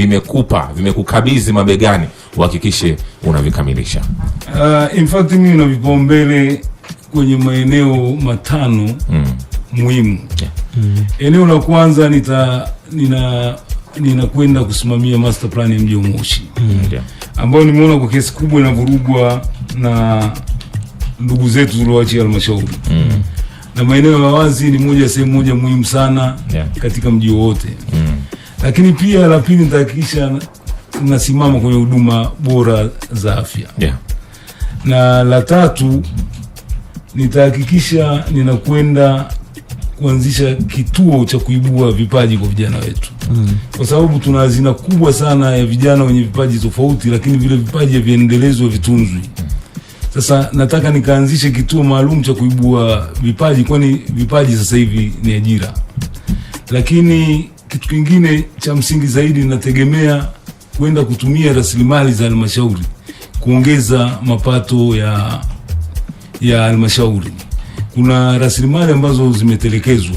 vimekupa vimekukabidhi mabegani, uhakikishe unavikamilisha. Uh, in fact mimi na vipaumbele kwenye maeneo matano mm. muhimu yeah. mm. Eneo la kwanza nita nina ninakwenda kusimamia master plan ya mji wa Moshi mm. yeah. ambayo nimeona kwa kiasi kubwa inavurugwa na ndugu zetu tulioachia halmashauri mm. na maeneo ya wazi ni moja sehemu moja muhimu sana yeah. katika mji wowote mm lakini pia la pili nitahakikisha nasimama kwenye huduma bora za afya yeah. Na la tatu nitahakikisha ninakwenda kuanzisha kituo cha kuibua vipaji kwa vijana wetu mm. Kwa sababu tuna hazina kubwa sana ya vijana wenye vipaji tofauti, lakini vile vipaji viendelezwe, vitunzwi. Sasa nataka nikaanzishe kituo maalum cha kuibua vipaji, kwani vipaji sasa hivi ni ajira, lakini kitu kingine cha msingi zaidi, nategemea kwenda kutumia rasilimali za halmashauri kuongeza mapato ya ya halmashauri. Kuna rasilimali ambazo zimetelekezwa,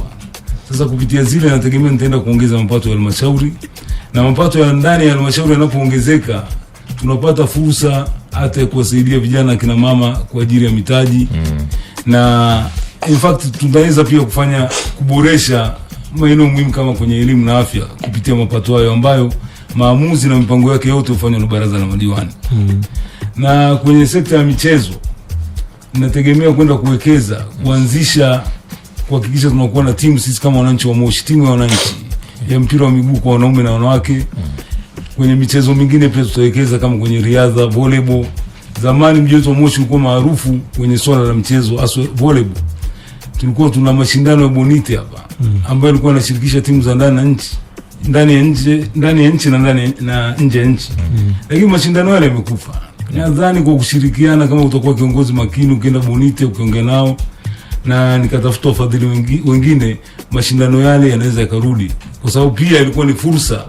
sasa kupitia zile nategemea nitaenda kuongeza mapato ya halmashauri, na mapato ya ndani ya halmashauri yanapoongezeka tunapata fursa hata ya kuwasaidia vijana kina mama kwa ajili ya mitaji mm. na in fact tunaweza pia kufanya kuboresha maeneo muhimu kama kwenye elimu na afya kupitia mapato hayo ambayo maamuzi na mipango yake yote hufanywa na baraza la madiwani. Mm. Na kwenye sekta ya michezo nategemea kwenda kuwekeza, kuanzisha, kuhakikisha tunakuwa na timu sisi kama wananchi wa Moshi, timu ya wananchi ya mpira wa miguu kwa wanaume na wanawake. Kwenye michezo mingine pia tutawekeza kama kwenye riadha, volleyball. Zamani mji wetu wa Moshi ulikuwa maarufu kwenye swala la mchezo aswe volleyball tulikuwa tuna mashindano ya boniti hapa mm. ambayo ilikuwa inashirikisha timu za ndani na nchi ndani ya nje ndani ya nchi na ndani na nje ya nchi mm. lakini mashindano yale yamekufa. mm. Nadhani kwa kushirikiana, kama utakuwa kiongozi makini, ukienda boniti, ukiongea nao na nikatafuta wafadhili wengine, mashindano yale yanaweza yakarudi, kwa sababu pia ilikuwa ni fursa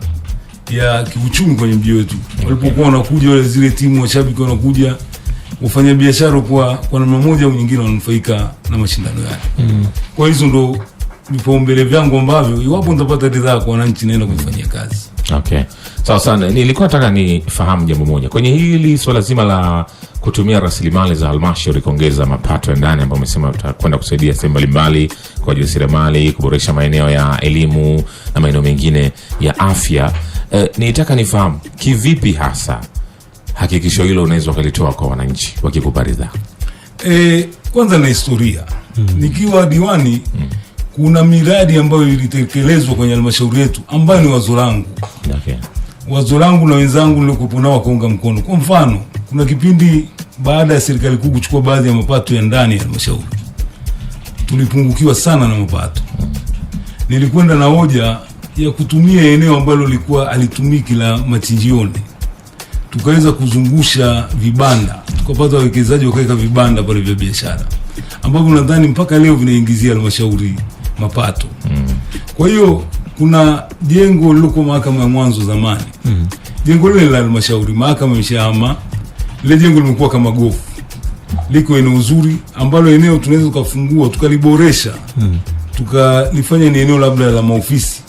ya kiuchumi kwenye mji wetu, walipokuwa wanakuja wale zile timu washabiki wanakuja wafanyabiashara kwa kwa namna moja au nyingine wananufaika na mashindano yale. Mm. Kwa hizo ndo vipaumbele vyangu ambavyo iwapo nitapata ridhaa kwa wananchi naenda kuifanyia kazi. Okay. Sawa so, sana. Nilikuwa nataka nifahamu jambo moja. Kwenye hili swala zima la kutumia rasilimali za halmashauri kuongeza mapato ya ndani ambayo umesema tutakwenda kusaidia sehemu mbalimbali kwa jasiriamali, kuboresha maeneo ya elimu na maeneo mengine ya afya. Eh, nitaka nifahamu kivipi hasa hakikisho hilo unaweza ukalitoa kwa wananchi wakikuparidha? E, kwanza na historia mm -hmm. nikiwa diwani mm -hmm. kuna miradi ambayo ilitekelezwa kwenye halmashauri yetu ambayo ni wazo langu okay. wazo langu na wenzangu niliokuwepo nao wakaunga mkono. Kwa mfano, kuna kipindi baada ya serikali kuu kuchukua baadhi ya mapato ya ndani ya halmashauri tulipungukiwa sana na mapato. Nilikwenda na hoja ya kutumia eneo ambalo lilikuwa alitumiki la machinjioni tukaweza kuzungusha vibanda, tukapata wawekezaji wakaweka vibanda pale vya biashara ambavyo nadhani mpaka leo vinaingizia halmashauri mapato mm. Kwa hiyo kuna jengo lilokuwa mahakama ya mwanzo zamani mm. Jengo lile la halmashauri, mahakama imeshahama, lile jengo limekuwa kama gofu, liko eneo zuri ambalo eneo tunaweza tukafungua tukaliboresha mm. tukalifanya ni eneo labda la maofisi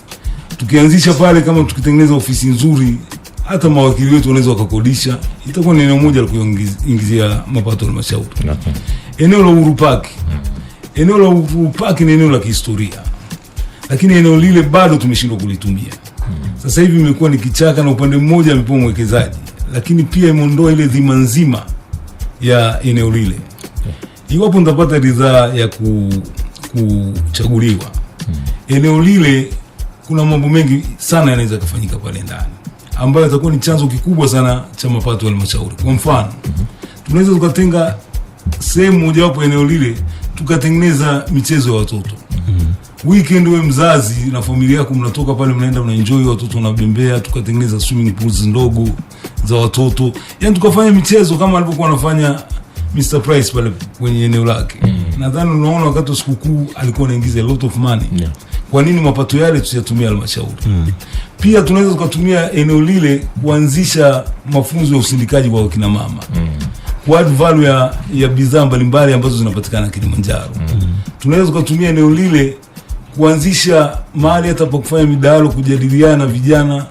tukianzisha pale kama tukitengeneza ofisi nzuri hata mawakili wetu wanaweza wakakodisha, itakuwa ni eneo moja la kuingizia mapato halmashauri. Eneo la Uhuru Park, eneo la Uhuru Park ni eneo la kihistoria, lakini eneo lile bado tumeshindwa kulitumia. Sasa hivi imekuwa ni kichaka, na upande mmoja amepewa mwekezaji, lakini pia imeondoa ile dhima nzima ya eneo lile. Iwapo nitapata ridhaa ya ku, kuchaguliwa hmm. eneo lile, kuna mambo mengi sana yanaweza kufanyika pale ndani ambayo itakuwa ni chanzo kikubwa sana cha mapato ya halmashauri. Kwa mfano, tunaweza tukatenga sehemu mojawapo eneo lile tukatengeneza michezo ya watoto mhm. weekend. We mzazi na familia yako mnatoka pale, mnaenda mnaenjoy, watoto wanabembea, tukatengeneza swimming pools ndogo za watoto, yani tukafanya michezo kama alivyokuwa anafanya Mr Price pale kwenye eneo lake mm. Nadhani unaona wakati wa sikukuu alikuwa anaingiza a lot of money yeah. Kwa nini mapato yale tusiyatumia halmashauri? mm. Pia tunaweza tukatumia eneo lile kuanzisha mafunzo ya usindikaji kwa kina mama mm. kwa value ya, ya bidhaa mbalimbali ambazo zinapatikana Kilimanjaro mm. tunaweza tukatumia eneo lile kuanzisha mahali hata pa kufanya midahalo, kujadiliana vijana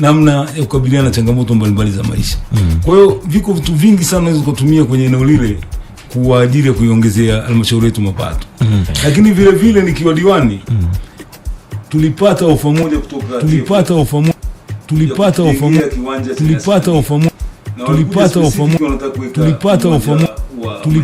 namna ya kukabiliana na changamoto mbalimbali za maisha mm. kwa hiyo viko vitu vingi sana unaweza kutumia kwenye eneo lile kwa ajili ya kuiongezea halmashauri yetu mapato mm. lakini vile vile nikiwa diwani mm tulipata ofa moja kutoka tulipata ofa moja tulipata ofa moja tulipata ofa moja tulipata ofa moja tulipata ofa moja